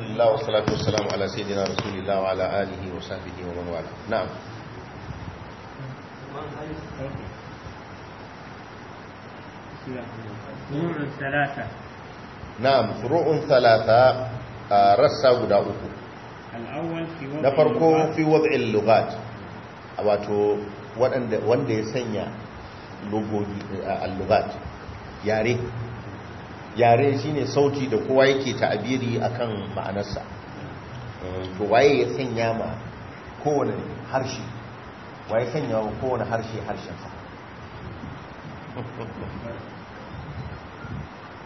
alhamdulillah wa salatu wassalamu ala sayyidina rasulillah wa ala alihi wa sahbihi wa man wala na'am na'am furu'un thalatha rassa guda uku na farko fi wad'il lughat wato wanda ya sanya lugogi al-lughat yare yare shine sauti da kowa yake ta'abiri akan ma'anarsa eh, to waye ya sanya ma kowane harshe waye sanya ma kowane harshe harshensa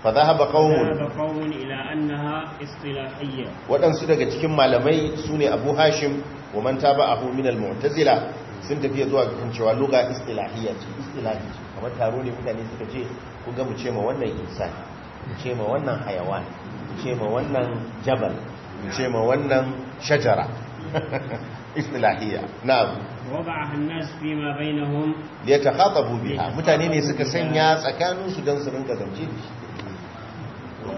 فذهب قوم الى انها اصطلاحيه waɗansu daga cikin malamai sune Abu Hashim wa man tabi'ahu min al-mu'tazila sun tafi zuwa kan cewa lugha istilahiyya ce istilahi kamar taro ne mutane suka ce ku ga mu ce ma wannan insani ce ma wannan hayawan ce ma wannan jabal ce ma wannan shajara istilahiyya na'am a hannun su fi ma bainahum liyatakhatabu biha mutane ne suka sanya tsakanin su dan su rinka shi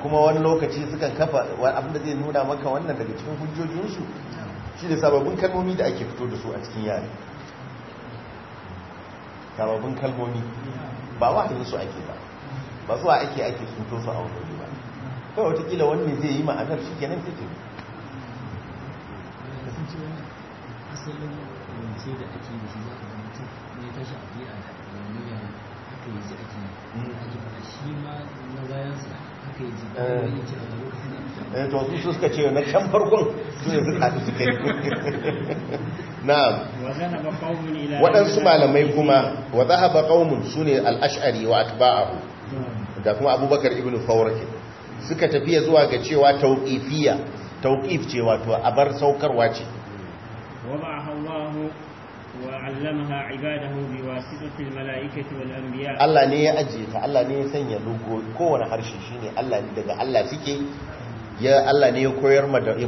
kuma wani lokaci sukan kafa abin da zai nuna maka wannan daga cikin hujjojinsu shi da sababbin kalmomi da ake fito da su a cikin yare sababbin kalmomi ba wahayin su ake ba ba zuwa ake ake tsuto su a wani ba kawai watakila wani zai yi ma'anar shi kenan ta to su suka ce na can farkon su ne suka su kai na waɗansu malamai kuma wa zahaba qaumun sune al-ash'ari wa atba'ahu da kuma abubakar ibn Faurake suka tafiya zuwa ga cewa tauƙifiya tauƙif ce wato a bar saukarwa ce Allah ne ya ajiye ta Allah ne ya sanya lugo kowane harshe shine Allah ne daga Allah suke ya Allah ne ya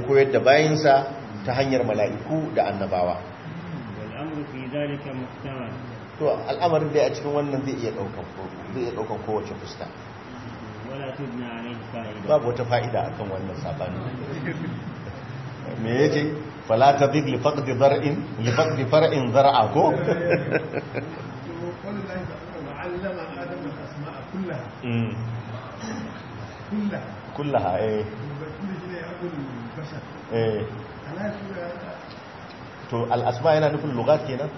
koyar da bayansa ta hanyar mala'iku da annabawa to al'amarin da a cikin wannan zai iya ɗaukan kowace fuska babu wata fa'ida a kan wannan sabani me yace fala tadid li faqdi dar'in li faqdi far'in zar'a ko kullaha eh eh to al’asma yana nufin lugat kenan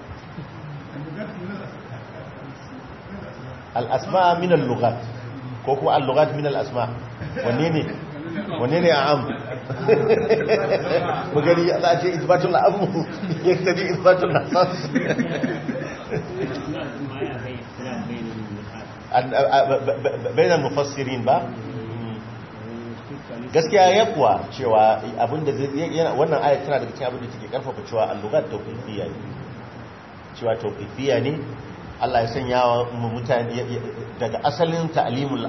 al-asma min al-lugat ko kuma allogat lughat min al-asma wanne ne wanne ne am magani za a ce izbatun amu ya tabi isbatul nasas bayan mufassirin ba gaskiya ya kuwa cewa abinda yana wannan ayat tana daga cikin abinda take karfafa cewa allogat lughat tawqifiyya ne cewa tawqifiyya ne Allah ya sanya wa mutane daga asalin ta'limul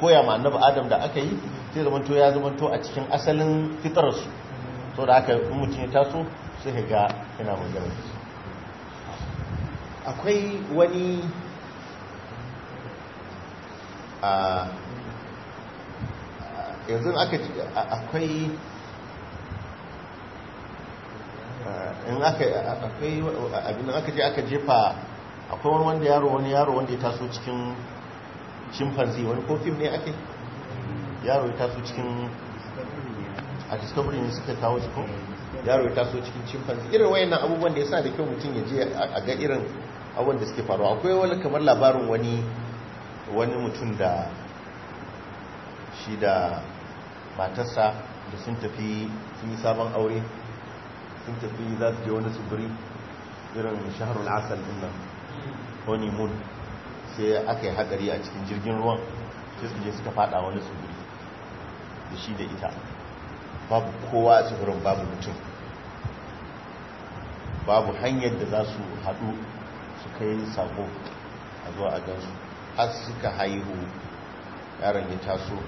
koya ma annabi Adam da aka yi sai zaman to ya zaman to a cikin asalin fitar su to da aka mutum ya taso sai ka ga yana magana akwai wani a yanzu aka akwai in aka akwai abin aka je aka jefa akwai wani wanda yaro wani yaro wanda ya taso cikin chimpanzee wani ko fim ne ake yaro ya taso cikin a discovery ne suka kawo cikin ko yaro ya taso cikin chimpanzee irin wayannan abubuwan da ya sa da kyau mutum ya je a ga irin abubuwan da suke faruwa akwai wani kamar labarin wani wani mutum da shi da matarsa da sun tafi sun yi sabon aure sun tafi za su je wani tsibiri irin shaharul asal din nan honeymoon sai aka yi hadari a cikin jirgin ruwan sai su je suka fada wani tsibiri da shi da ita babu kowa a tsibirin babu mutum babu hanyar da za su haɗu su kai sako a zuwa a gansu har suka haihu yaron ya taso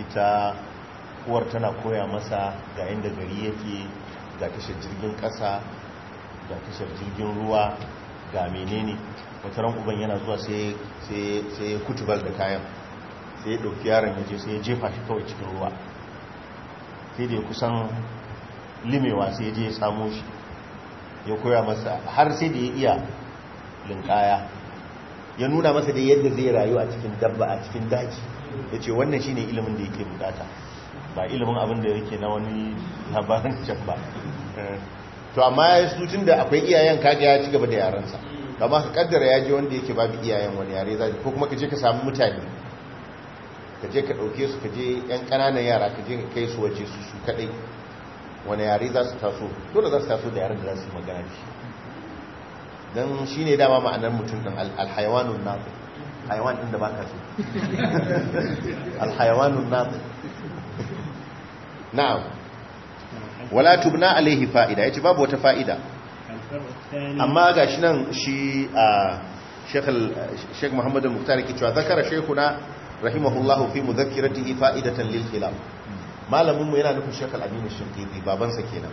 ita kowar tana koya masa ga inda gari yake ga tashar jirgin ƙasa ga tashar jirgin ruwa ga menene wata ran uban yana zuwa sai ya kutubar da kayan sai ya ɗauki yaron ya je sai ya jefa shi kawai cikin ruwa sai da ya kusan limewa sai ya je ya samo shi ya koya masa har sai da ya iya linkaya ya nuna masa da yadda zai rayu a cikin dabba a cikin daji ya ce wannan shine ilimin da yake bukata ba ilimin abin da yake na wani labarin can ba eh. to amma ya su tun da akwai iyayen kaga ya ci gaba da sa kama ka kaddara ya ji wanda yake babu iyayen wani yare za ko kuma ka je ka samu mutane ka je ka ɗauke su ka je yan ƙananan yara ka je ka kai su waje su su kaɗai wani yare za su taso dole za su taso da yaren da za su magana da shi don shi ne dama ma'anar mutum ɗin alhayawanun nafi hayawan ɗin da ba ka so alhayawanun nafi na'am wala tubna alaihi fa'ida yace babu wata fa'ida amma gashi nan shi a Sheikh Muhammad al-Muqtar yake cewa zakara shaykhuna rahimahullahu fi mudhakkiratihi fa'idatan lil khilaf malamin mu yana nufin Sheikh al-Amin al-Shinqiti baban sa kenan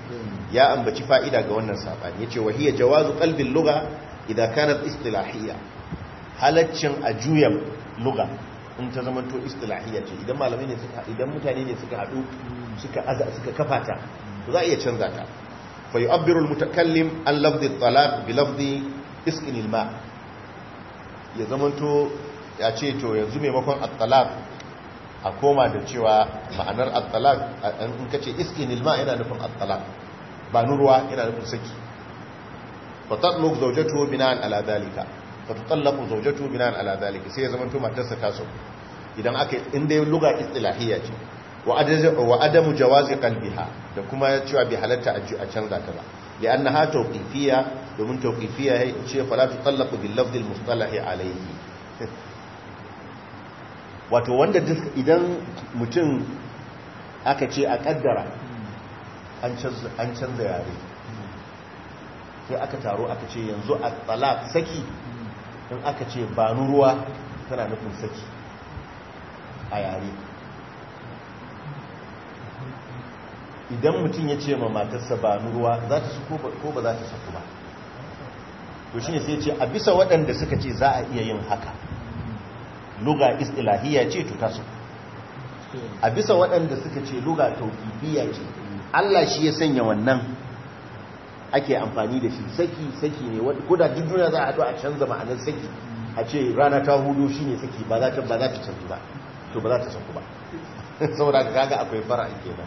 ya ambaci fa'ida ga wannan sabani yace wa hiya jawazu qalbi al-lugha idha kanat istilahiyya halaccin a lugha in ta zama to istilahiyya ce idan malamai ne suka idan mutane ne suka hadu suka aza suka kafata za a iya canza ta fa abirul mutakallim an lafdi talaq bi lafdi iskin ilma ya zamanto ya ce to yanzu maimakon at-talaq a koma da cewa ma'anar at-talaq in kace iskin ilma yana nufin at ba nurwa yana nufin saki fa tatluq zawjatuhu bina'an ala dhalika fa tatallaqu zawjatuhu bina'an ala dhalika sai ya zamanto matarsa taso idan aka inda luga istilahiyya ce wa adamu jawazi qalbiha da kuma cewa bi halatta a canza ta ba ha tawqifiyya domin tawqifiyya ya ce fala tutallaqu bil lafzi al mustalahi alayhi wato wanda idan mutum aka ce a kaddara an canza yare sai aka taro aka ce yanzu a talaq saki in aka ce banu ruwa tana nufin saki a yare idan mutum ya ce ma matarsa ba ruwa za ta su ko ba za ta saku ba to shi ne sai ce a bisa waɗanda suka ce za a iya yin haka luga istilahiya ce to ta saku a bisa waɗanda suka ce luga taukibiya ce Allah shi ya sanya wannan ake amfani da shi saki saki ne koda duk duniya za a haɗu a canza ma'anar saki a ce rana ta hudu shi ne saki ba za ta canzu ba to ba za ta saku ba saboda gaga akwai fara ba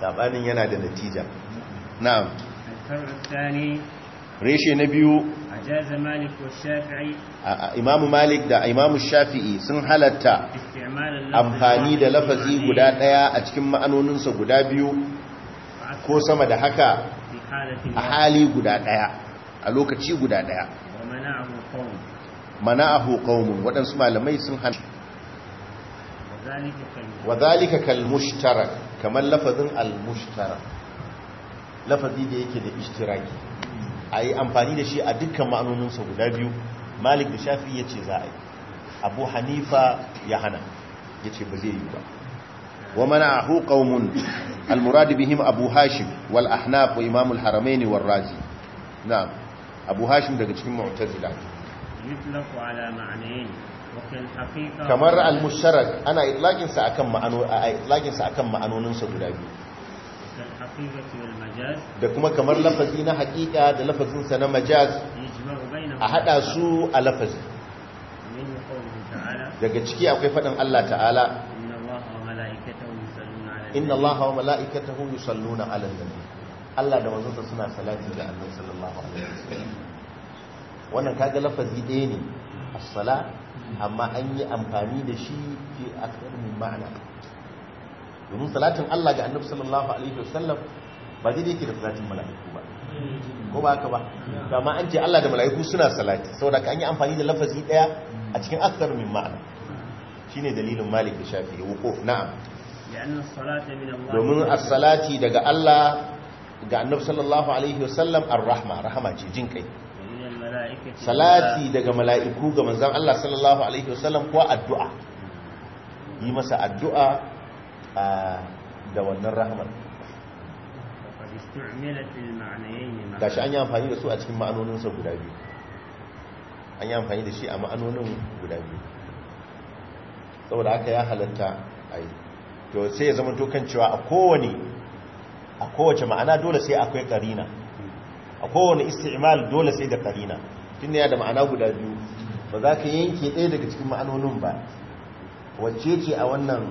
sabanin yana da natija na'am reshe na biyu imamu malik da imamu shafi'i sun halatta amfani da lafazi guda daya a cikin ma'anoninsa guda biyu ko sama da haka a hali guda daya a lokaci guda daya mana a qaumun waɗansu malamai sun hannu wa zalika kal kamar lafazin al-mushtara lafazi da yake da ishtiraki a yi amfani da shi a dukkan ma'anoninsa guda biyu malik da shafi ya ce za a yi abu hanifa ya hana ya ce ba zai yi ba wa mana ahu qaumun al-murad bihim abu hashim wal ahnaf wa imam al-haramain wal abu hashim daga cikin mu'tazila yutlaqu kamar al-musharak ana itlaƙinsa akan ma'ano a itlaƙinsa akan ma'anoninsa guda biyu da kuma kamar lafazi na haƙiƙa da lafazinsa na majaz a haɗa su a lafazi daga ciki akwai faɗin Allah ta'ala inna Allah wa mala'ikatahu yusalluna 'alan nabi Allah da manzonsa suna salati ga Annabi sallallahu alaihi wasallam wannan kaga lafazi ɗaya ne as-salat amma an yi amfani da shi fi akarin ma'ana domin salatin Allah ga annabi sallallahu alaihi wasallam ba zai yake da salatin mala'iku ba ko ba haka ba amma an ce Allah da mala'iku suna salati saboda ka an yi amfani da lafazi daya a cikin akthar min ma'ana shine dalilin Malik da Shafi'i wuquf na'am domin as-salati daga Allah ga annabi sallallahu alaihi wasallam ar-rahma rahama ce jin kai salati daga mala'iku ga manzan Allah sallallahu alaihi wasallam ko addu'a yi masa addu'a da wannan rahmar shi an yi amfani da su a cikin ma'anoninsa guda biyu an yi amfani da shi a ma'anonin guda biyu saboda aka ya halatta a yi to sai ya zama tokan cewa a kowane a kowace ma'ana dole sai akwai karina a kowane isti'mal dole sai da karina tun da ya da ma'ana guda biyu ba za ka yanke ɗaya daga cikin ma'anonin ba wacce ce a wannan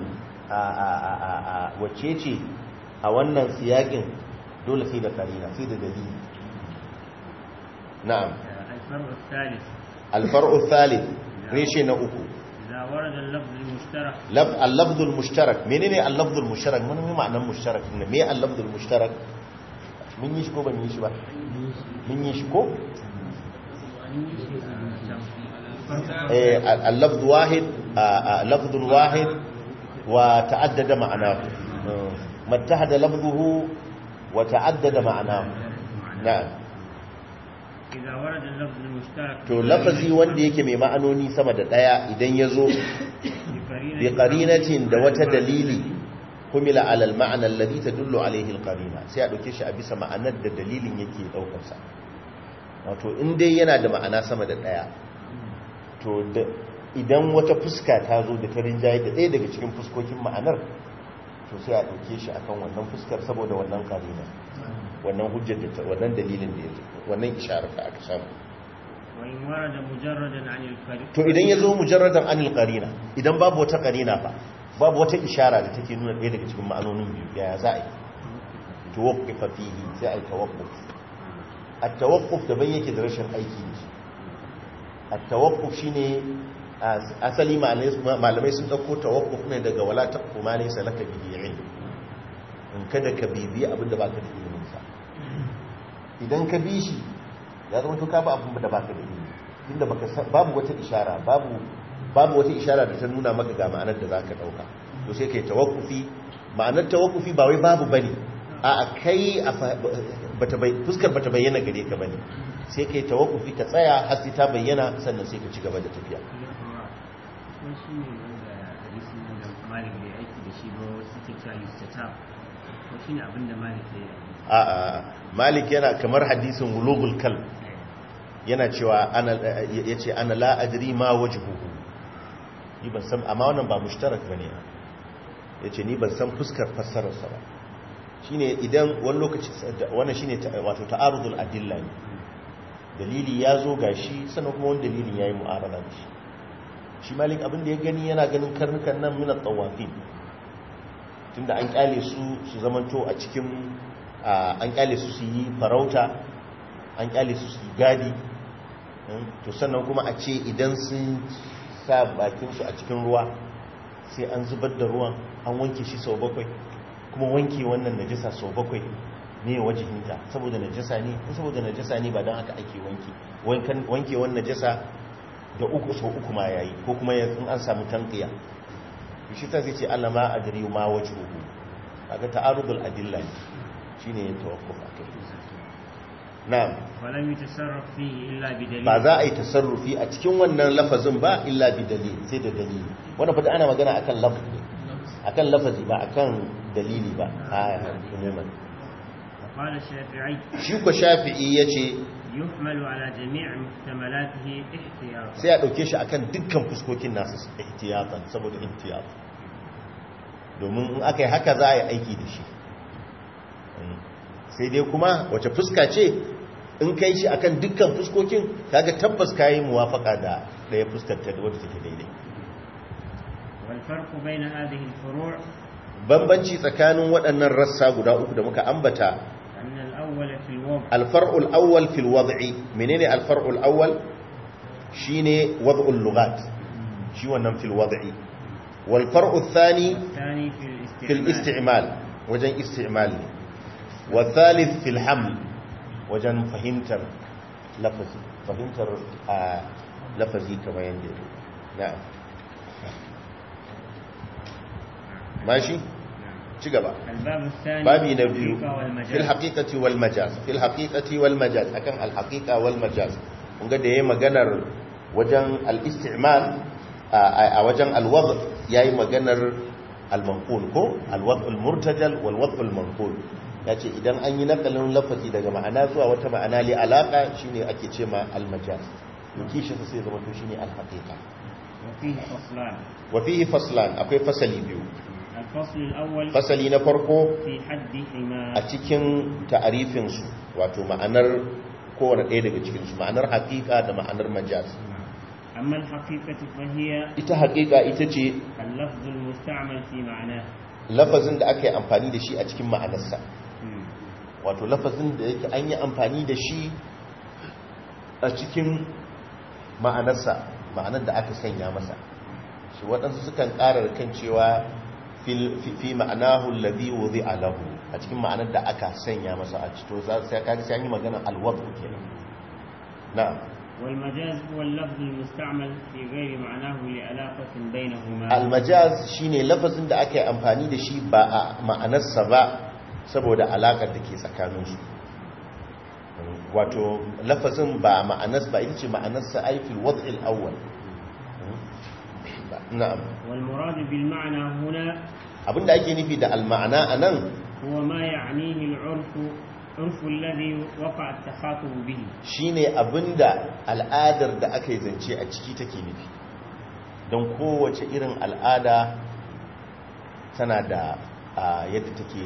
wacce ce a wannan siyakin dole sai da karina sai da gari. na'am alfar'u thalith reshe na uku Mushtarak. Menene المشترك منين Mushtarak? المشترك من معنى المشترك من معنى اللفظ Mushtarak? mun yi shi ko ban yi shi ba mun yi shi ko اللفظ واحد لفظ واحد وتعدد معناه ما اتحد لفظه وتعدد معناه نعم إذا wanda yake mai ma'anoni sama da daya idan yazo bi qarinatin da wata dalili humila alal ma'anar ladhi tadullu alaihi alqarina sai a ɗauke shi a bisa ma'anar da dalilin yake ɗaukarsa wato in dai yana da ma'ana sama da ɗaya. to idan wata fuska ta zo da ta rinjaye da ɗaya daga cikin fuskokin ma'anar to sai a ɗauke shi a kan wannan fuskar saboda wannan qarina wannan hujjar da wannan dalilin da yake wannan isharar da aka samu to idan ya zo mujarradan anil karina idan babu wata karina ba babu wata ishara da take nuna ɗaya daga cikin ma'anonin biyu yaya za a yi tawakkufa fihi sai ai tawakkuf at-tawakkuf bai yake da rashin aiki ne at-tawakkuf ne asali malamai sun ɗauko tawakkuf ne daga wala ta kuma ne salaka bihi in kada ka bibi abinda baka da ilimin sa idan ka bi shi ya zama to ka ba abin da baka da ilimin inda baka babu wata ishara babu babu wata ishara da ta nuna maka ga ma'anar da za ka ɗauka to sai ka yi tawakufi ma'anar tawakufi ba wai babu bane a kai fuskar ba ta bayyana gare ka bane sai ka yi tawakufi ta tsaya hasi ta bayyana sannan sai ka ci gaba da tafiya a'a malik yana kamar hadisin wulugul kal eh. yana cewa ya ce ana la'adari ma wajihuhu ni ban san amma wannan ba mushtarak bane yace ni ban san fuskar fassarar sa ba shine idan wani lokaci wannan shine wato ta'arudul adilla ne dalili ya zo gashi sannan kuma wani dalili yayi mu'arada shi shi malik abin da ya gani yana ganin karnukan nan min at-tawafin tunda an kyale su su zamanto a cikin an kyale su su yi farauta an kyale su su yi gadi hmm, to sannan kuma a ce idan sun sa bakinsu a cikin ruwa sai an zubar da ruwan an wanke shi sau bakwai kuma wanke wannan najisa sau bakwai ne wajihinta saboda najisa ne saboda najisa ne ba don haka ake wanke wanke wannan najisa da uku sau uku ma yayi ko kuma in an samu tanqiya shi ta zai ce Allah ma adri ma wajhuhu kaga ta'arudul adilla shine yin a akai na'am ba za a yi tasarrufi a cikin wannan lafazin ba illa bi dalili sai da dalili wannan fata ana magana akan lafazi akan lafazi ba akan dalili ba ah, a umuman qala shafi'i shi ku shafi'i ya ce sai a dauke shi akan dukkan fuskokin nasu ihtiyatan saboda ihtiyat domin in aka yi haka za a yi aiki da shi hmm. sai dai kuma wace fuska ce in ka yi shi akan dukkan fuskokin kaga tabbas ka yi muwafaka da daya fuskar ta wadda take daidai wal bambanci tsakanin waɗannan rassa guda uku da muka ambata al awwal fil al wad'i menene al awwal shine wad'u al lughat shi wannan fil al wad'i wal far'u al thani fi isti'mal wajen isti'mal ne wa thalith fi haml wajen fahimtar lafazi fahimtar a lafazi kamar yadda ya na'am ماشي تجبا بابي نبيو في الحقيقة والمجاز في الحقيقة والمجاز أكن الحقيقة والمجاز ونقد يا مجنر وجن الاستعمال وجن الوضع يا مجنر المنقول كو الوضع المرتجل والوضع المنقول ya ce idan an yi nakalin lafazi daga ma'ana zuwa wata ma'ana li alaka shine ake ce ma almajas yuki shi sai zama to shine alhaƙiƙa. wafi yi faslan akwai fasali biyu fasali na farko a cikin ta'arifinsu. wato ma'anar kowane ɗaya daga cikinsu ma'anar haƙiƙa da ma'anar majas amma ita haƙiƙa ita ce fi ma'ana lafazin da aka yi amfani da shi a cikin ma'anarsa wato lafazin da yake an yi amfani da shi a cikin ma'anarsa ma'anar da aka sanya masa shi waɗansu sukan ƙarar kan cewa fi ma'anahu ladhi a alahu a cikin ma'anar da aka sanya masa a cito za su kaga sai an yi magana alwadu kenan nan na majaz wal lafz al musta'mal fi ghairi ma'anahu li alaqatin bainahuma al majaz shine lafazin da aka yi amfani da shi ba a ma'anarsa ba saboda alaƙar da ke tsakaninsu wato lafazin ba ma'anas ba ita ce ma'anarsa aifil wad'il awwal na'am wal murad bil ma'na huna abinda ake nufi da al ma'ana anan huwa ma ya'nihi al 'urf 'urf alladhi waqa'a at-takhatu bihi shine abinda al'adar da aka yi zance a ciki take nufi don kowace irin al'ada tana da yadda take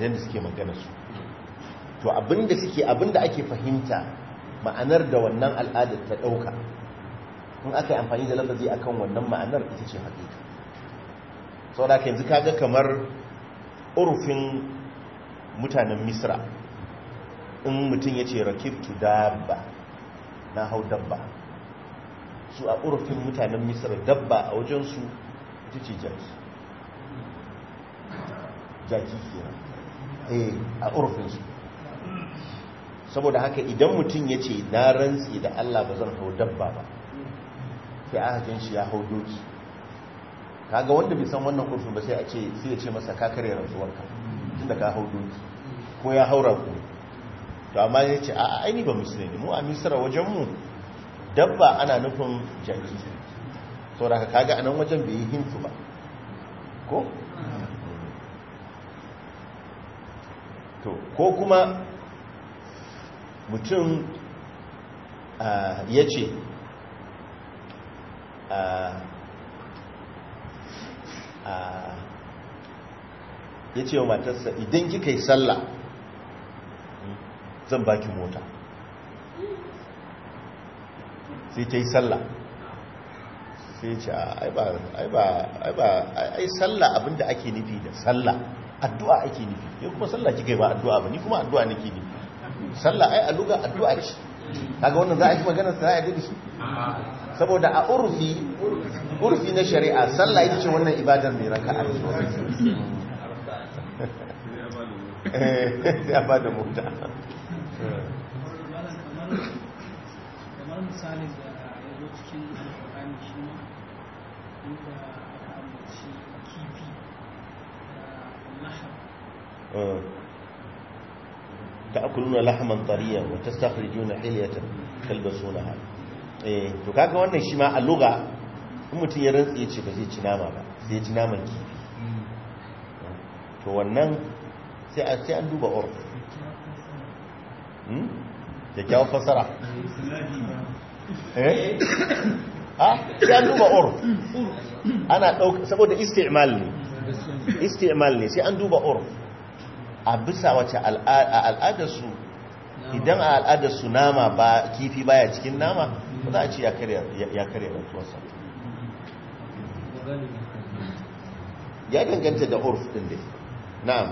yadda suke magana su to abinda suke abinda ake fahimta ma'anar da wannan al'adar ta ɗauka, in aka yi amfani da lafazi akan wannan ma'anar ita ce haƙiƙa saboda da yanzu kaga kamar urufin mutanen misra in mutum ya ce rakibtu dabba na hau dabba su a urufin mutanen misra dabba a wajensu ita ce jansu jaki kenan eh a urfin su saboda haka idan mutun yace na rantsi da Allah ba zan hau dabba ba sai a ahakin shi ya hau doki kaga wanda bai san wannan urfin ba sai a ce sai ya ce masa ka kare rantsuwarka tunda ka hau doki ko ya haura ku to amma ya ce a aini ba musulmi mu a misira wajen mu dabba ana nufin jaki saboda haka kaga anan wajen bai yi hinsu ba ko to ko kuma mutum ya ce ya ce wa matarsa idan kika yi sallah zan baki mota sai ta yi sallah sai ce a ba a yi sallah abinda ake nufi da sallah addu'a ake nufi ya kuma sallah kika yi ba addu'a ba ni kuma addu'a nake ne sallah ai a luga addu'a ce kaga wannan za a yi magana za a da su saboda a urfi urfi na shari'a sallah ita ce wannan ibadar mai raka a raka'a eh, sai a ba da mota kamar misali da ya zo cikin alƙur'ani shi ne Mm. ta'kuluna lahman tariya wa tastakhrijuna hilyatan talbasunaha eh to kaga wannan shi ma a luga in mutum ya rantsi ya ce ba zai ci nama ba sai ya ci naman kifi to wannan sai a sai an duba urf hmm? da kyakkyawar fasara eh ah sai an duba urf ana dauka saboda isti'mal ne isti'mal ne sai an duba urf a bisa wace al'adarsu idan a al'adarsu nama ba kifi baya cikin nama ba za a ce ya karya rantuwarsa ya danganta da urf din dai na'am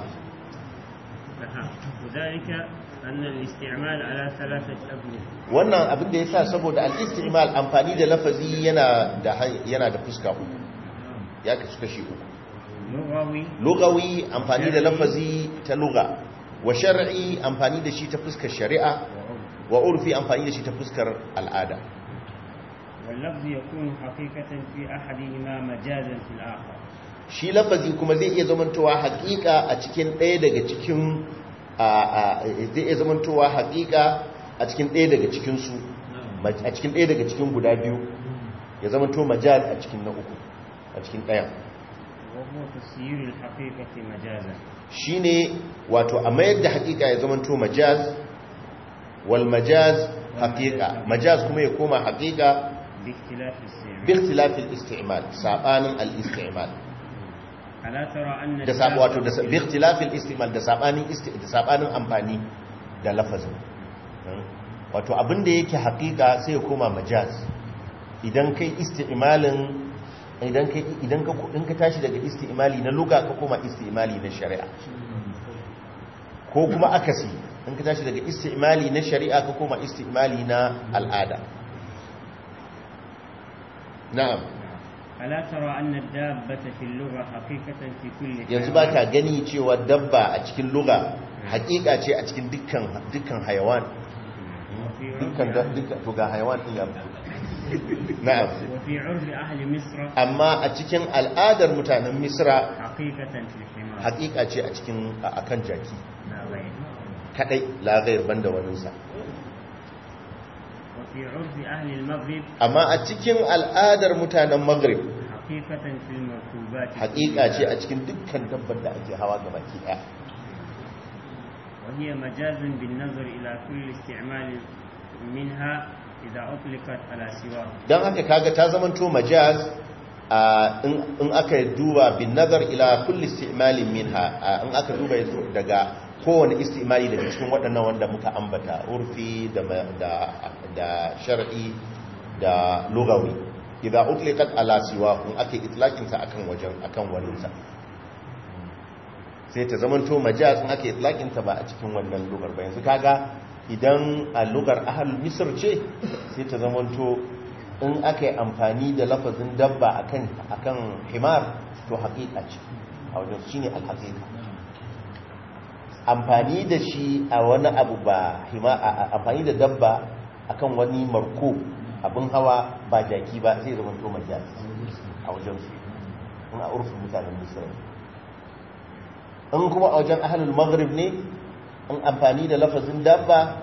wannan abin da ya sa saboda al'istimal amfani da lafazi yana da fuska uku ya kasu shi uku lugawi amfani da lafazi ta luga wa shar'i amfani da shi ta fuskar shari'a wa urfi amfani da shi ta fuskar al'ada shi lafazi kuma zai iya zamantowa hakika a cikin ɗaya daga cikin zai iya zamantowa hakika a cikin ɗaya daga cikinsu a cikin ɗaya daga cikin guda biyu ya zamanto majal a cikin na uku a cikin ɗaya shi ne wato a mayar da hakika ya zamanto majaz wal majaz hakika majaz kuma ya koma hakika bikhtilafil isti'mal sabanin al isti'mal wato da bikhtilafil isti'mal da saɓanin amfani da lafazin wato abin da yake hakika sai ya koma majaz idan kai isti'malin idan ka kudin ka in ka tashi daga isti'mali na luga ka koma isti'mali na shari'a ko kuma akasi in ka tashi daga isti'mali na shari'a ka koma isti'mali na al'ada na'am ألا ترى أن الدابة في اللغة حقيقة في كل حيوان yanzu baka gani cewa dabba a cikin lugha haƙiƙa ce a cikin dukkan dukkan hayawan dukkan dukkan to ga hayawan din ya na'am amma a cikin al'adar mutanen misra haƙiƙa ce a cikin akan jaki kadai lagayar banda waninsa amma a cikin al'adar mutanen maghrib haƙiƙa ce a cikin dukkan dabbar da ake hawa ga baki ɗaya وهي مجاز بالنظر إلى كل استعمال منها don haka kaga ta zamanto majaz in aka duba bin nazar ila kulli istimalin minha in aka duba daga kowane istimali daga cikin waɗannan wanda muka ambata urfi da shar'i da lugawi idan utlikat ala siwa in aka itlaqin sa akan wajen akan wani sa sai ta zamanto majaz in aka itlaqin ta ba a cikin wannan lugar ba yanzu kaga idan a lugar ahal misir ce sai ta zamanto in aka yi amfani da lafazin dabba akan himar to haƙiƙa ce a wajen shi ne alhaƙiƙa amfani da shi a wani abu ba amfani da dabba akan wani marko abin hawa ba jaki ba zai zama to majaz a wajen su in a urfin mutanen misir in kuma a wajen ahalul maghrib ne in amfani da lafazin dabba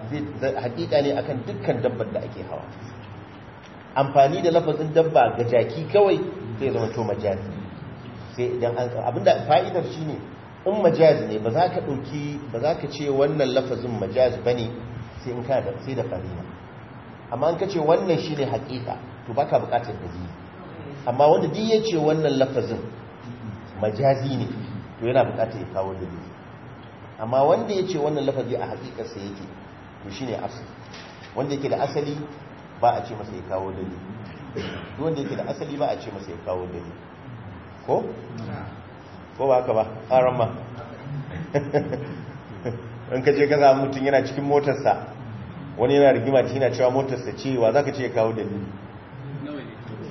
hakika ne akan dukkan dabbar da ake hawa amfani da lafazin dabba ga jaki kawai zai zama to majazi sai idan an abinda fa'idar shine in majazi ne ba za ka dauki ba za ka ce wannan lafazin majazi bane sai in ka da sai da farina amma an ka ce wannan shine hakika to baka bukatar dalili amma wanda duk yace wannan lafazin majazi ne to yana bukatar ya kawo dalili amma wanda ya ce wannan lafazi a hakikarsa yake to shi ne asali wanda yake da asali ba a ce masa ya kawo dali wanda yake da asali ba a ce masa ya kawo dali ko? ko ba haka ba ƙaran ah, ma in ka je gaza mutum yana cikin motarsa wani yana rigima ce yana cewa motarsa cewa za ka ce ya kawo dali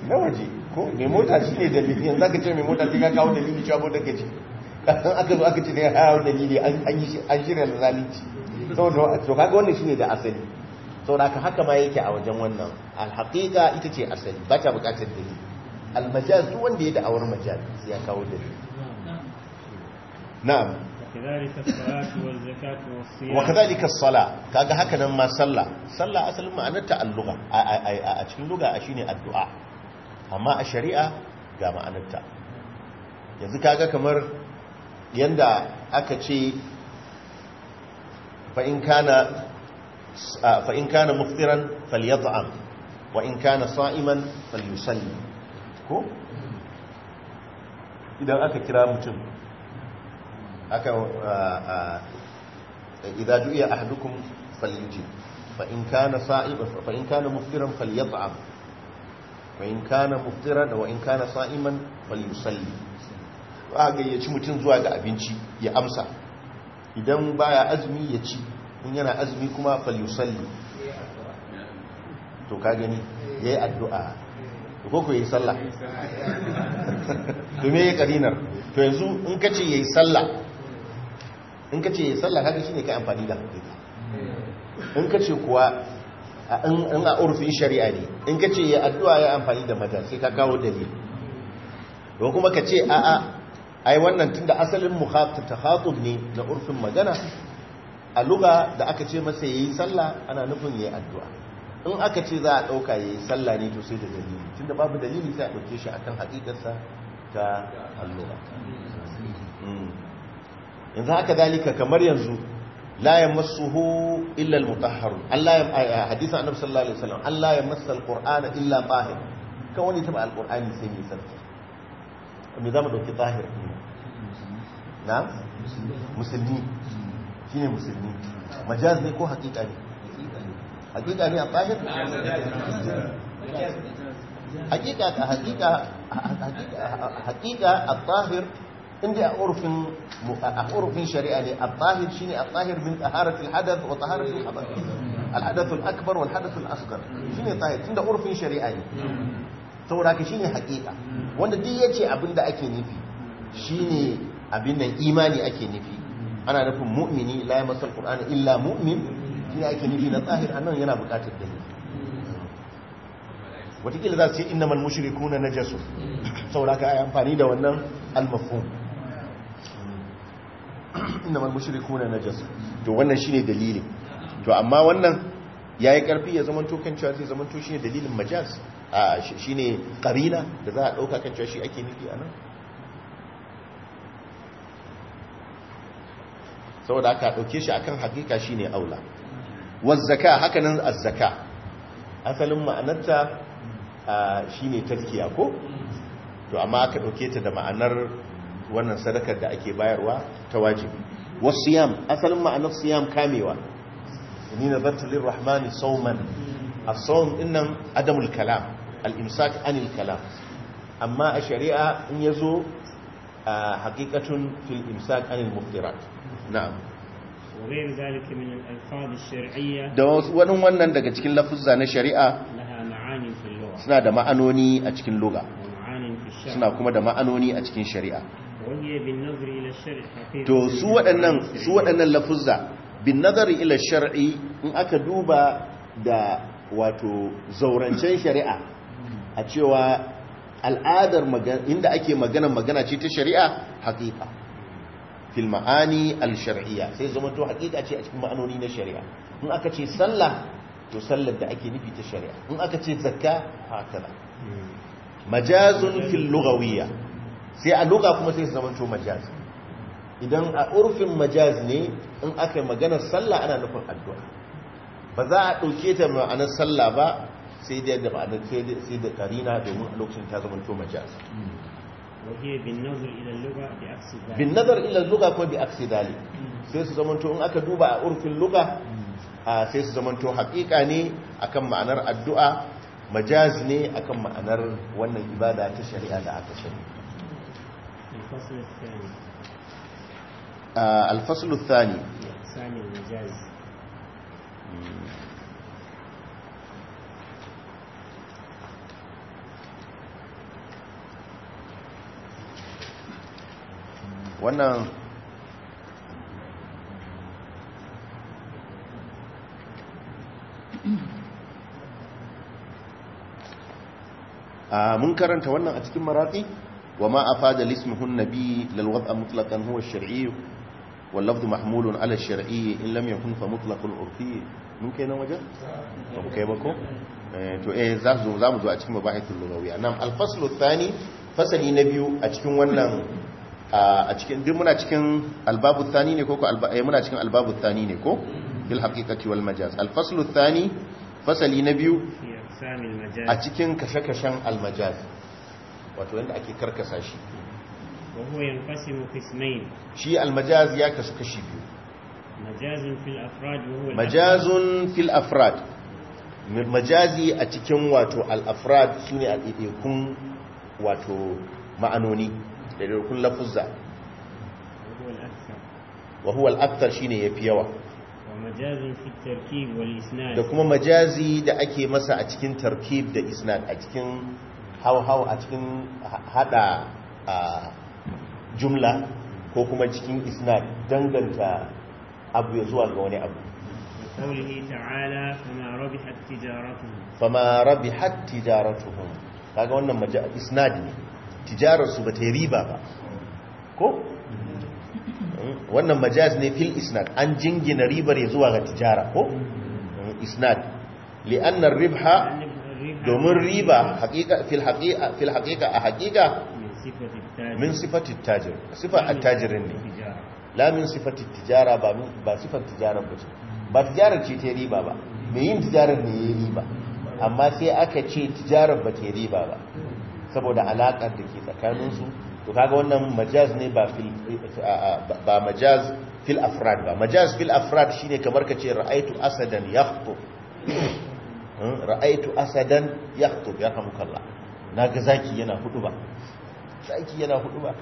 na waje ko mai mota shi ne dalili yanzu za ka ce mai mota ce ka kawo dalili cewa motar ka ce aka zo aka ce da harawar dalili an shirya da zalunci to kaga wannan shi ne da asali sau da haka ma yake a wajen wannan alhaƙiƙa ita ce asali ba ta buƙatar dalili almajaz duk wanda ya da awar majaz ya kawo dalili na'am Wa وكذلك الصلاة كاغا هكذا ما صلى صلى أصل معناتها اللغة a cikin shi shine addu'a amma a shari'a ga ma'anarta yanzu kaga kamar yanda aka ce fa'in kana muftiran falyata'am wa in kana sa'iman falyusalli ko? idan aka kira mutum aka idan juya ahadukum falyujib فإن كان صائما فإن كان مفطرا فليطعم وإن كان مفطرا وإن كان صائما فليصلي a gayyaci mutum zuwa ga abinci ya amsa idan baya azumi ya ci in yana azumi kuma falusalli to ka gani ya yi addu'a ko ku yi sallah to me ya karinar to yanzu in ka ce ya yi sallah in ka ce ya yi sallah ka shi ne ka amfani da haƙiƙa in ka ce kuwa in a urufin shari'a ne in ka ce ya addu'a ya amfani da mata sai ka kawo dalil don kuma ka ce a'a ai wannan tunda asalin muhatatun ne na urfin magana a luga da aka ce masa yayi sallah ana nufin yayi addu'a in aka ce za a dauka yayi sallah ne to sai da dalili tunda babu dalili sai a dauke shi akan hakikarsa ta alluga hmm. yanzu haka dalika kamar yanzu la yamassuhu illa almutahharun Allah ya hadisi annabi sallallahu alaihi wasallam Allah ya massa alqur'ana illa tahir kan wani taba alqur'ani sai mai sarki me za mu dauki tahir na musulmi shi ne musulmi majaz ne ko haƙiƙa ne haƙiƙa ne a ɓahir hakika ka hakika hakika a ɓahir inda a urfin a urfin shari'a ne a ɓahir shi ne a ɓahir min taharatul hadath wa taharatul habar alhadathul akbar wal hadathul asghar shi ne tahir tunda urfin shari'a ne saboda ka shi ne hakika wanda duk yace abinda da ake nufi shi ne abin nan imani ake nufi ana nufin mu'mini la ya masal qur'ana illa mu'min shine ake nufi na zahir annan yana buƙatar dalili watakila za su ce innamal mushrikuna najasu saboda ka yi amfani da wannan al-mafhum innamal mushrikuna najasu to wannan shine dalilin. to amma wannan ya yi karfi ya zaman to kan cewa zai zaman to shine dalilin majaz a shine qarina da za a ɗauka kan cewa shi ake nufi a nan? saboda aka ɗauke shi akan hakika ne aula wazzaka hakanan azzaka asalin ma'anarta shine tarkiya ko to amma aka ɗauke ta da ma'anar wannan sadakar da ake bayarwa ta wajibi wasiyam asalin ma'anar siyam kamewa ni nazartu lirrahmani Sauman, as-sawm innan adamul kalam al-imsak anil kalam amma a shari'a in ya zo hakikatun fil imsak anil muftirat na'am da wannan wannan daga cikin lafuzza na shari'a suna da ma'anoni a cikin lugha suna kuma da ma'anoni a cikin shari'a to su waɗannan su waɗannan lafuzza bin nazari ila shari'a in aka duba da wato zaurancen shari'a a cewa al'adar inda ake magana magana ce ta shari'a haƙiƙa fil ma'ani al-shar'iyya sai zama to hakika ce a cikin ma'anoni na shari'a in aka ce sallah to sallar da ake nufi ta shari'a in aka ce zakka hakala majazun fil lughawiyya sai a lugha kuma sai zama to majaz idan a urfin majaz ne in aka yi maganar sallah ana nufin addu'a ba za a dauke ta ma'anar sallah ba sai da ba sai da karina domin lokacin ta zama to majaz bin nazar ilal luga ko bi aksi dali sai su zamanto in aka duba a urfin luga sai su zamanto haƙiƙa ne akan ma'anar addu'a majaz ne akan ma'anar wannan ibada ta shari'a da aka shari alfaslu thani wannan ah, mun karanta wannan a cikin maraƙi wa ma a fada lismihun nabi lalwata mutlakan huwa shari'i wallafdu mahmulun ala shari'i in lam yakun fa mutlaqul urfi mun kai nan wajen ba mu kai ba ko eh, to eh za mu zo a cikin mabahithul lugawiyya nan al-faslu thani fasali na biyu a cikin wannan a cikin duk muna cikin albabu thani ne ko eh, muna cikin albabu thani ne ko bil haqiqati wal majaz al faslu thani fasali na biyu a cikin kashe-kashen al majaz wato yadda ake karkasa shi wa huwa shi al majaz ya kasu kashi biyu majazun fil afrad wa fil afrad majazi a cikin wato al afrad sune al idikun wato ma'anoni da rukun lafuzza wa huwa al-akthar shine yafi yawa da kuma majazi da ake masa a cikin tarkib da isnad a cikin hau-hau a cikin hada jumla ko kuma cikin isnad danganta abu ya zuwa ga wani abu قوله تعالى فما ربحت تجارتهم فما ربحت تجارتهم kaga wannan isnad ne tijararsu ba ta yi riba ba ko wannan majaz ne fil isnad an jingina ribar ya zuwa ga tijara ko isnad li'annar ribha domin riba fil haƙiƙa a haƙiƙa min sifatit tajir sifar attajirin ne la min sifatit tijara ba sifar tijarar ba ce ba tijarar ce ta riba ba mai yin tijarar ne ya riba amma sai aka ce tijarar ba ta riba ba saboda alaƙar da ke tsakaninsu to kaga wannan majaz ne ba ba majaz fil afrad ba majaz fil afrad kamar ra'aitu asadan hmm, ra'aitu asadan zaki yana hudu ba zaki yana hudu ba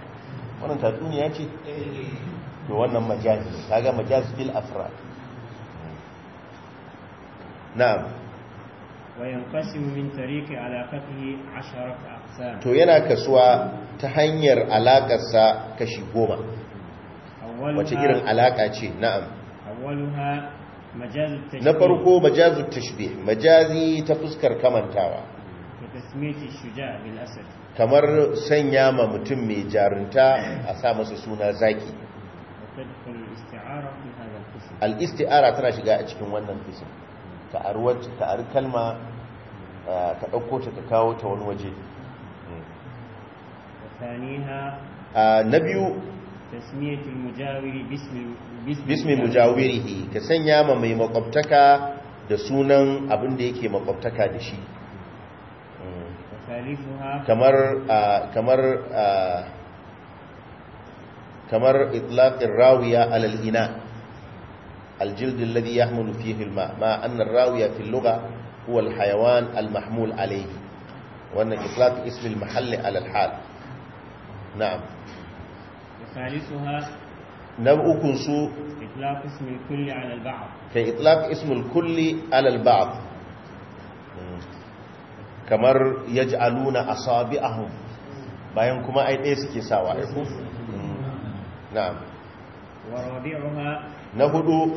wannan ce to wannan majaz kaga majaz fil afrad hmm. na'am وينقسم من طريق علاقته عشرة اقسام تو yana kasuwa ta hanyar alakarsa kashi goma wace irin alaka ce na'am awwaluha na farko majaz tashbih majazi ta fuskar kamantawa kamar sanya ma mutum mai jarunta a sa masa suna zaki al isti'ara tana shiga cikin wannan kisa ta arwa kalma Eh, ka ɗauko ta ka kawo ta wani waje eh, na biyu bismi mujawirihi ka sanya ma mai makwabtaka da sunan abin da yake makwabtaka da shi hmm. kamar eh, kamar kamar itlaqir rawiya Alal'ina, ina الجلد الذي يحمل فيه الماء ما أن الراوية في اللغة هو الحيوان المحمول عليه وأن إطلاق اسم المحل على الحال نعم وثالثها نبؤكم سوء إطلاق اسم الكل على البعض كإطلاق اسم الكل على البعض كمر يجعلون أصابعهم bayan kuma ai ɗaya suke نعم ورابعها نهدو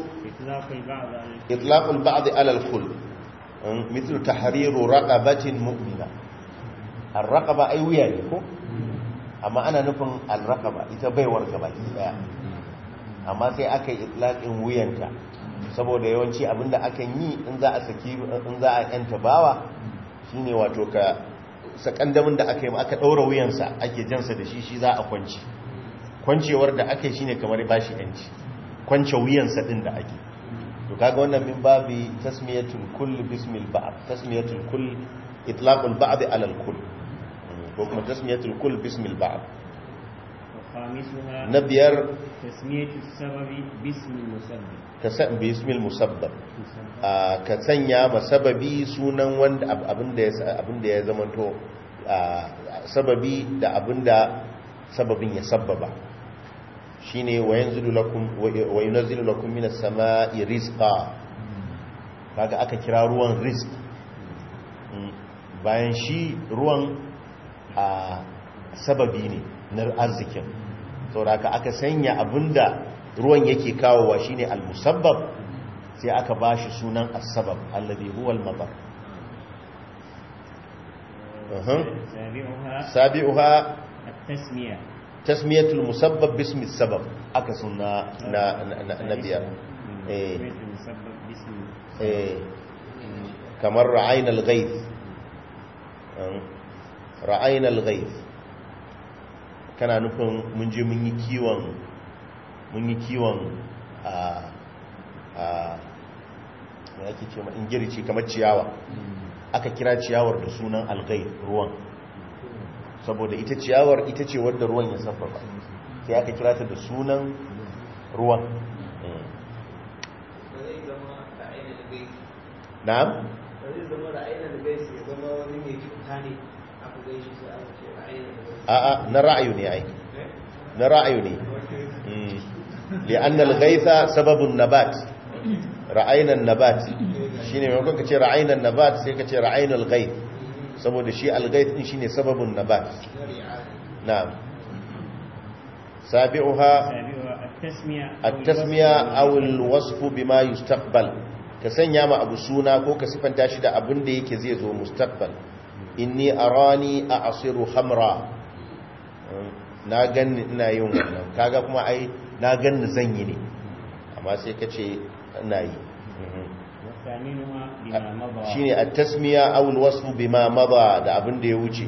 إطلاق البعض على الكل hudu mithlu tahriru raqabatin mu'mina ar-raqaba ai wuya ne ko amma ana nufin al-raqaba ita baiwar gabaki daya amma sai aka yi itlaqin wuyanta saboda yawanci abinda akan yi in za a saki in za a yanta bawa shine wato ka sakandamin da aka yi aka daura wuyansa ake jansa da shi shi za a kwanci kwancewar da aka yi shine kamar bashi yanci kwance wuyansa din da ake to kaga wannan min babi tasmiyatul kull bismil ba'd tasmiyatul kull itlaqul ba'd ala al kull ko kuma tasmiyatul kull bismil ba'd na biyar bismil musabbab ka sanya masababi sunan wanda abinda ya zamanto sababi da abinda sababin ya sababa Shi ne yanzilu wa yunzilu lakum minas samaa'i rizqa kaga aka kira ruwan rizq mm. bayan shi ruwan a sababi ne na arzikin sauraka aka sanya abinda ruwan yake kawowa shine al-musabbab sai aka bashi sunan as-sabab alladhi huwa mabar uh, uh-huh. sabi'uha at-tasmiya tasmiyatul musabbab bismi sabab aka sunna na nabiya biyar eh. eh. kamar ra'ayin al-ghaib hmm. ra'ayin al-ghaib kana nufin mun je mun yi kiwon mun yi kiwon a a me yake ce ma ingirici kamar ciyawa hmm. aka kira ciyawar da sunan al-ghaib ruwan saboda ita ciyawar ita ce wadda ruwan ya saffaba sai aka kira ta da sunan ruwan na'am a'a na ra'ayu ne ai na ra'ayu ne hmm. li'anna al-ghaytha sababun nabat ra'ayna an-nabat shine maimakon ka ce ra'ayna an-nabat sai ka ce ra'ayna al-ghayth saboda shi algait din shine sababun nabat na'am sabi'uha at-tasmiya aw al-wasf bima yustaqbal ka sanya ma abu suna ko ka sifanta shi da abin da yake zai zo mustaqbal inni arani a'siru khamra hmm, na ganni ina yin wannan kaga kuma ai na ganni zan yi ne amma sai kace ce ina yi shine a tasmiya awul wasu bima maba da abin da ya wuce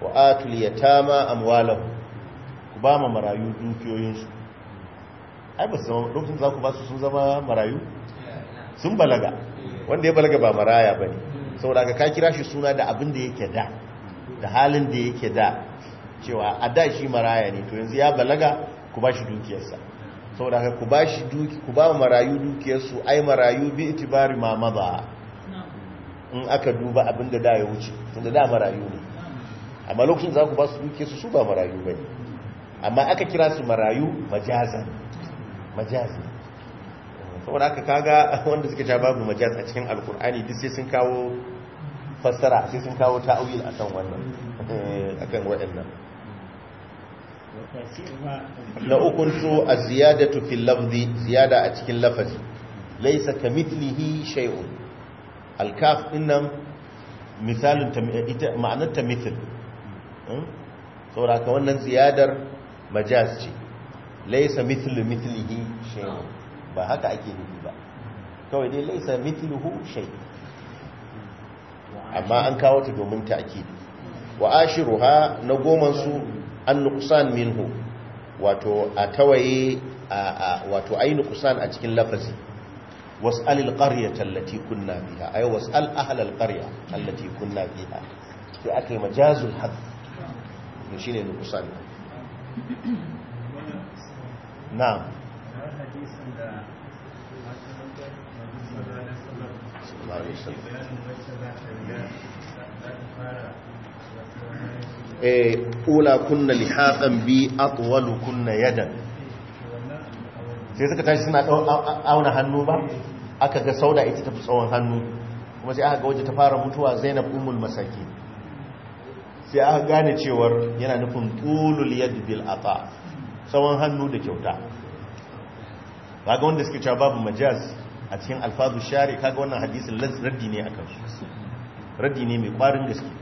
wa atul yatama amwalar ku ba ma marayu dukiyoyinsu ai ba su zama, lokacin za ku ba su sun zama marayu sun balaga wanda ya balaga ba maraya ba sau saboda ka kira shi suna da abin da yake da da halin da yake da cewa a da shi maraya ne to yanzu ya balaga ku ba shi dukiyarsa saboda haka ku ba shi duki ku ba marayu dukiyarsu ai marayu bi itibari ma maza in aka duba abin da da ya wuce tunda da marayu ne amma lokacin za ku ba su dukiyarsu su ba marayu ba ne amma aka kira su marayu majazan majazan saboda aka kaga wanda suka ja babu majaz a cikin alkur'ani duk sai sun kawo fassara sai sun kawo ta'awil akan wannan eh, akan waɗannan na su a ziyadatu fil lafzi ziyada a cikin lafazi laisa ka mitlihi shay'un alkaf dinnan misalin ita ma'anar ta mithl hmm? saboda ka wannan ziyadar majaz ce laisa mithlu mithlihi shay'un ba haka ake nufi ba kawai dai laisa mithluhu shay'un amma an kawo ta domin ta'kid wa ashiruha na goman su an-nuqsan minhu wato a tawaye wato ai nuqsan a cikin lafazi was'al al-qaryata allati kunna biya. ay was'al ahla al-qarya allati kunna fiha sai akai majazul hadd to shine nuqsan na'am hadisin da Eh, ula kunna lihaqan bi atwalu kunna yadan sai suka tashi suna auna hannu ba aka ga sauda ita tafi tsawon hannu kuma sai aka ga waje ta fara mutuwa zainab ummul masaki sai aka gane cewar yana nufin tulul yad bil ata tsawon hannu da kyauta kaga wanda suke cewa babu majaz a cikin alfazu share, kaga wannan hadisin raddi ne akan su raddi ne mai kwarin gaske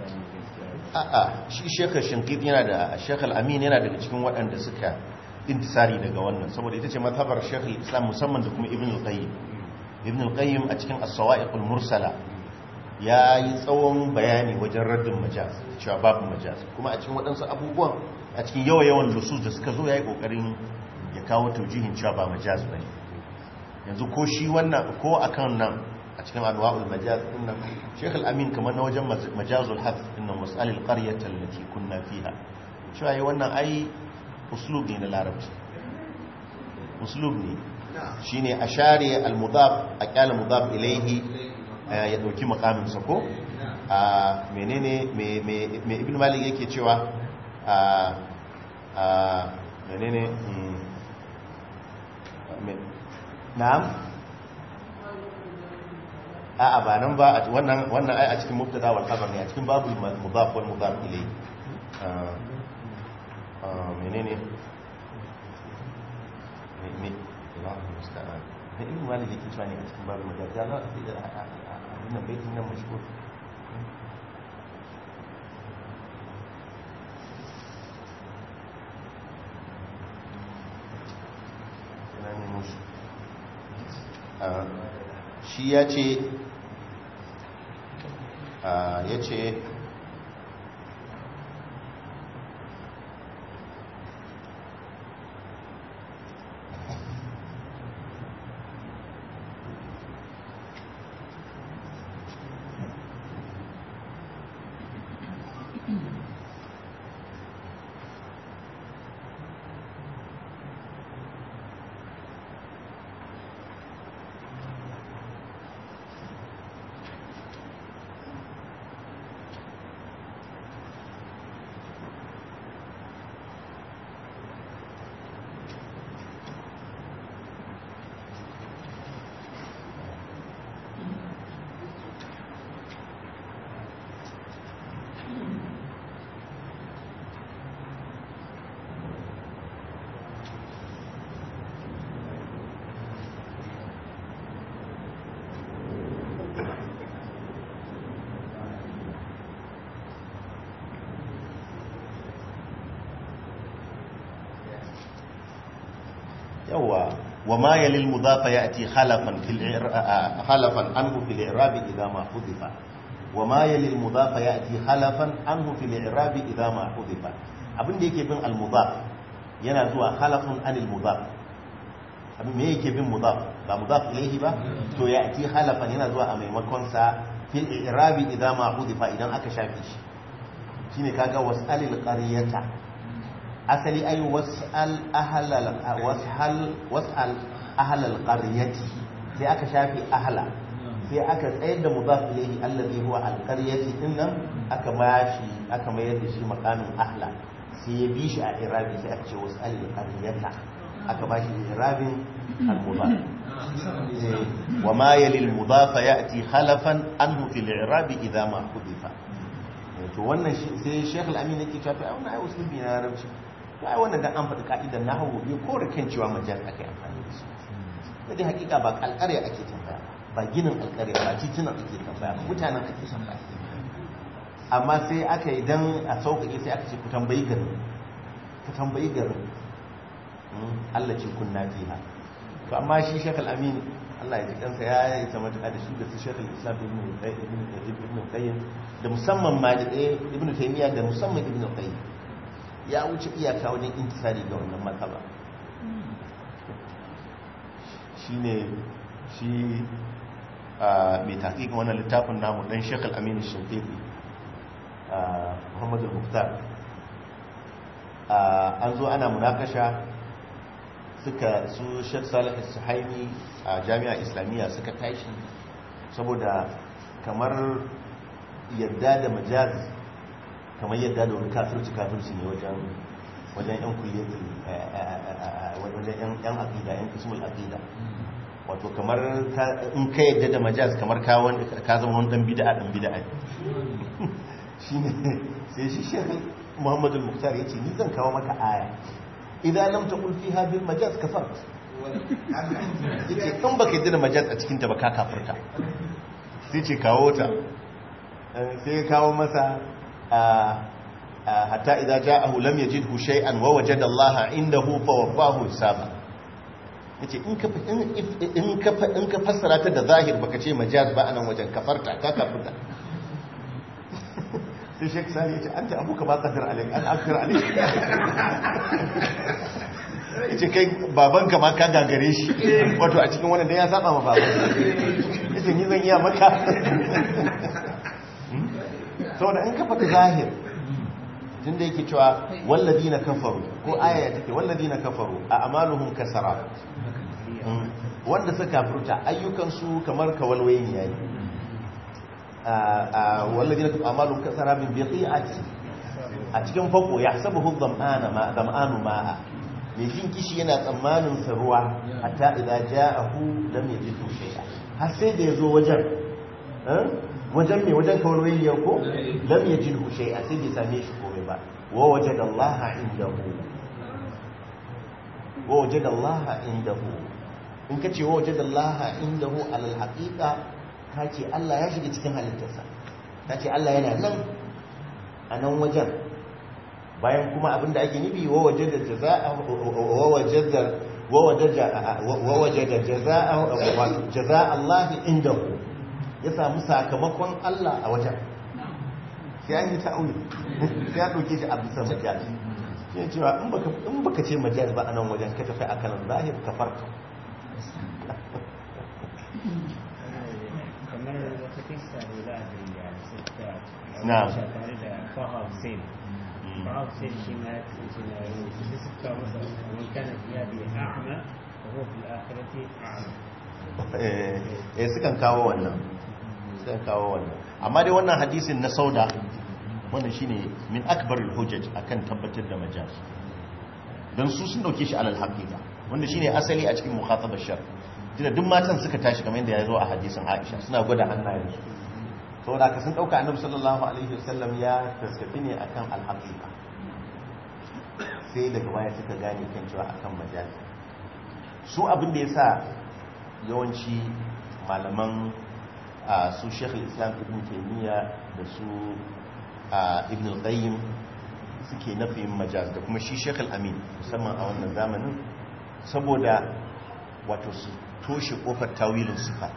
a'a shi shekar shinkit yana da shekar amin yana daga cikin waɗanda suka intisari daga wannan saboda ita ce matabar shekar islam musamman da kuma ibn al-qayyim ibn al-qayyim a cikin as mursala ya yi tsawon bayani wajen raddin majaz cewa babu majaz kuma a cikin waɗansu abubuwan a cikin yawa yawan lusus da suka zo ya yi ƙoƙarin ya kawo taujihin cewa ba majaz ba yanzu ko shi wannan ko akan nan a cikin anwa'ul majaz nan Sheikh Al-Amin kamar na wajen majazul din nan masalil karyar allati kunna fiha shi ai wannan ai uslub ne na larabci uslub ne shine a al-mudaf a kyala mudaf ilayhi ya dauki makamin sa ko a menene me ibn malik yake cewa a a menene hmm. na'am a'a ba nan ba wannan wannan ai a cikin mubtada wal khabar ne a cikin babu mudaf wal mudaf ilay ah ah menene ne ne Allah musta'an da ilmi wani da ke cewa ne a cikin babu mudaf ya Allah sai da wannan baitin nan mashhur Uh... shi ya ce ah, yawa wa ma ya yalil mudafa ya khalafan fil khalafan anhu fil i'rab idan ma hudifa wa ma ya yalil mudafa ya'ti halafan anhu fil i'rab idan ma hudifa abin da yake bin al mudaf yana zuwa khalafun anil mudaf abin me yake bin mudaf ba mudaf ilayhi ba to ya'ti khalafan yana zuwa a maimakon sa fil i'rab idan ma hudifa idan aka shafe shi shine kaga was'alil qaryata asali ai was'al ahlal was'al was'al ahlal sai aka shafi ahla sai aka tsayar da mudaf ilayhi allazi huwa alqaryati dinnan aka mashi aka mayar da shi makamin ahla sai ya bi shi a irabi sai aka ce was'al qaryata aka bashi irabin al-mudaf eh, wa ma yali al-mudaf ya'ti khalafan anhu fil irabi idha ma hudifa eh, to wannan sai Sheikh Al-Amin yake cewa ai wannan ai usulubi na Arabci ai wannan dan an faɗi ka'idar na hawo ko da kan cewa majal ake amfani da shi da dai hakika ba alƙarya ake tambaya ba ginin alƙarya ba titunan ake tambaya ba mutanen ake tambaya amma sai aka yi dan a sauƙaƙe sai aka ce ku tambayi garin ku tambayi garin hmm, Allah ce kunna fiha to amma shi shakal amin Allah ya ji kansa ya yi ta matuƙa da shi da su shakal islam ibn ibn ibn qayyim da musamman ma da ibn taymiya da musamman ibn qayyim ya wuce iyaka wajen intisari ga wannan mataba shi ne shi mai tafiƙin wannan littafin namu ɗan shekul aminu a muhammadu muftar an zo ana munakasha suka su shek su haini a jami'a islamiyya suka tashi saboda kamar yadda da majalis kamar yadda domin kafirci kafirci ne wajen wajen yan kulliyatul eh, eh, eh, wajen yan aqida yan kismul aqida wato kamar in ka yadda da majaz kamar ka ka zama wani dan bid'a dan bid'a ne sai shi Sheikh Muhammadu Muktar ya ce ni zan kawo maka aya idan lam taqul fiha bil majaz kafart ce. kan baka yadda da majaz a cikin ta ba ka kafirta sai ce kawo ta sai kawo masa hatta idza ja'ahu lam yajidhu shay'an wa wajada Allah indahu fa wafahu hisaba yace in ka in ka in ka fassara ta da zahir baka ce majaz ba anan wajen kafarta ka kafuta sai Sheikh Sani yace anta abuka ba qadar alai an akhir alai yace kai babanka ma ka gagare shi wato a cikin wannan dan ya saba ma baban yace ni zan iya maka saboda in kafa faɗi zahir tun da yake cewa wallazi na kafaru ko aya take wallazi na kafaru a amaluhum kasara mm. wanda suka furta ayyukansu kamar kawalwayin yayi wallazi na kafaru amaluhum kasara bin biqi'ati a cikin fako ya sabahu zam'ana ma zam'anu ma'a mai jin kishi yana tsammanin sa ruwa a idza ja'ahu lam yajid shay'a har sai da yazo wajen eh? wajen mai wajen tawarwayyar ko don ya jin hushe a sai bisa ne shi kome ba wa waje da Allah inda hu wa waje da Allah inda hu in ka ce wa waje da Allah inda hu alal haƙiƙa ka ce Allah ya shiga cikin halittarsa ka ce Allah yana nan a nan wajen bayan kuma abinda ake nufi wa waje da jaza'a wa waje da wa waje da jaza'a Allah inda hu ya samu sakamakon Allah a wajen sai an yi ta'uli sai ya ɗauke shi a bisa majalis shi cewa in baka ce majalis ba a nan wajen ka tafi a kanan zahir ka farka ya da eh, eh, sukan kawo wannan sai kawo wannan amma dai wannan hadisin na sauda wannan shine min akbaril hujaj akan tabbatar da majaz dan su sun dauke shi alal haqiqa wanda shine asali a cikin mukhatabar shar tunda duk matan suka tashi kamar yadda ya zo a hadisin Aisha suna gwada hannayensu saboda ka sun dauka annabi sallallahu alaihi wasallam ya taskafi ne akan al haqiqa sai daga baya suka gane kan cewa akan majaz su abin da yasa yawanci malaman a su shekul islam ibn taimiyya da su a ibn al-qayyim suke nafiyin majaz da kuma shi shekul amin musamman a wannan zamanin saboda wato su toshe kofar tawilin sifat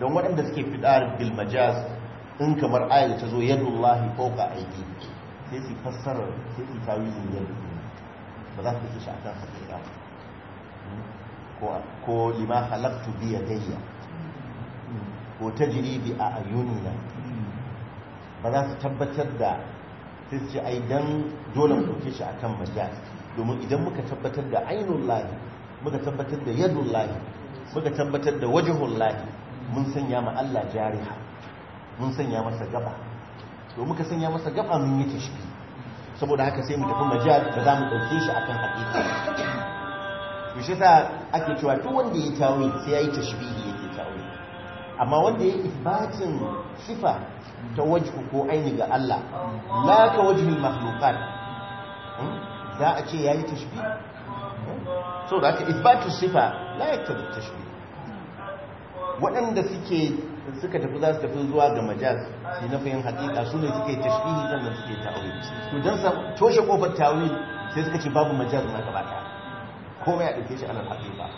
don waɗanda suke fidar bil majaz in kamar ayyar ta zo yadullahi fawqa aiki sai su fassara sai su tawilin yadda ba za su fi shi akan ba ko lima halaktu biya daya ko ta jiribi a ayyunina ba za su tabbatar da sisci aidan dole mu ɗauke shi akan majal domin idan muka tabbatar da ainihin lahi muka tabbatar da yadun lahi muka tabbatar da wajihun lahi mun sanya ma Allah jariha mun sanya masa gaba to muka sanya masa gaba mun yi tashi saboda haka sai mu tafi majal da za mu ɗauke shi akan haƙiƙa yushe shi sa ake cewa tun wanda ya yi sai ya yi tashbihi yake tawi amma wanda ya yi isbatin sifa ta wajiku ko aini ga Allah la ka wajhul makhluqat hmm? za a ce ya yi tashibi. Hmm? so da aka isbatu sifa la yaktabu tashibi. waɗanda suke suka tafi za su tafi zuwa ga majaz sai na fahimta hakika su ne suke tashbihi sannan suke ta'awil to dan sa toshe kofar ta'awil sai suka ce babu majaz na gaba komai a ɗauke shi alal haƙiƙa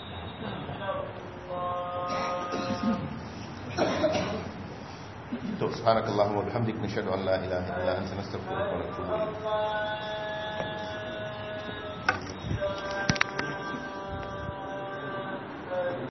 to subhanakallahumma wa bihamdika nashhadu an la ilaha illa anta nastaghfiruka wa natubu